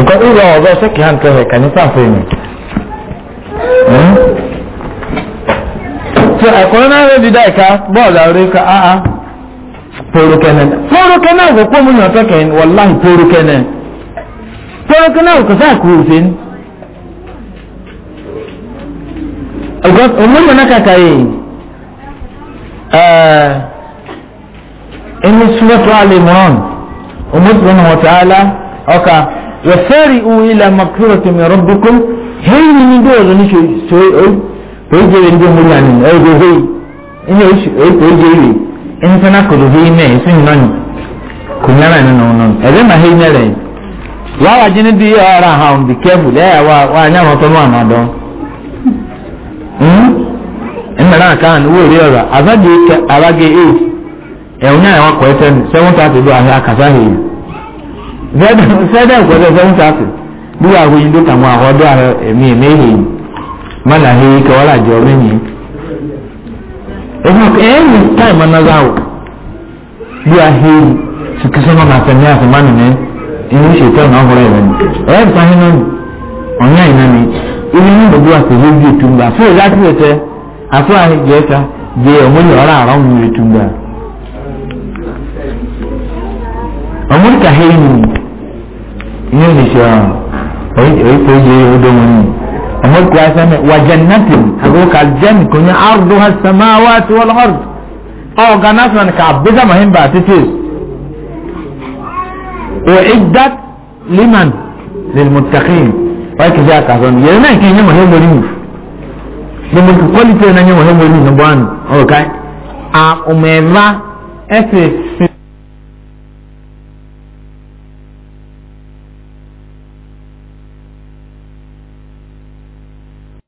nǹkan tó lọ ọ̀gá ṣẹ́kì hàn kẹfẹ́ kàní sáfẹ́ mi. Hmm? ṣe ẹ̀kọ́rin náà rẹ̀ dídá ìka bọ́ọ̀lù àrẹ ká áá poro kẹ́nẹ́ poro kẹ́nẹ́ àgọ́ kó mú yàn tọ́kẹ́ wàláhì poro kẹ́nẹ́ poro kẹ́nẹ́ àgọ́ sáà kú òfin. ọmọnìyàn náà kàkà yìí ẹni súnmọ́tò àlè mọ́rán ọmọdé wọn wọ̀tá ọkà. وسارئوا إلى مغفرة من ربكم هين من دول نشو سوي توجه عند مولان أي جوهي إنه إيش أي توجه لي إن سنا كل ذي ما يسمع نون كنا ما نون نون هذا ما هي نلاقي لا وجن دي أرا هاون دي كيف لا وا وا أنا ما تلوان ما دون هم إن لا كان هو ريورا أبغى أبغى إيه أونا يوقف سوون تاتي دو أهل كذا هي fẹ́dẹ̀ ìkọ́jọ́ seven thirty bí wàá fún yín dókà mọ́ àwọn ọdún ààrẹ ẹ̀mí ẹ̀mí èyí mọ́nà ẹ̀yí kẹwàá làjọ mẹ́yìn. ẹ̀yìn táìmù ọ̀nàdà ò bí wàá hẹ́ sìkìsọ́ náà nàfẹ̀mí àfẹ̀mánì ní inú ìṣètò ọ̀nà ọ̀hún ẹ̀rọ ni ẹ̀yìn sáyẹn náà ni ọ̀nyá ìná ni ilé ní gbogbo àtẹ̀wé bí ètùmbà fún ìlàtí ẹ̀tẹ́ àfọ àjẹta jẹ ọmọlẹ̀ ọ̀rọ̀ àrọ̀ ọ̀hún ètùmbà ọmọlẹ̀ kàhẹ́yìn nìyí ní ìṣe ọ̀hún èyí tó yẹ ọdọ wọn ni ọmọ kura sani wa jannati agogo ka jẹni ko ni ardu ha samawa ti wọlọ ọrù ọgá nasan ka abisa mahim ba titi wa iddat liman lilmuttaqin wáyé kìí àkà sọ ni yẹn náà kìí nyẹ mahim wọlé mu ni mo kọ́lí tẹ̀ náà nyẹ mahim wọlé mu ní bọ́ọ̀nù ọ̀ká ọmọ ẹ̀ma ẹ̀fẹ̀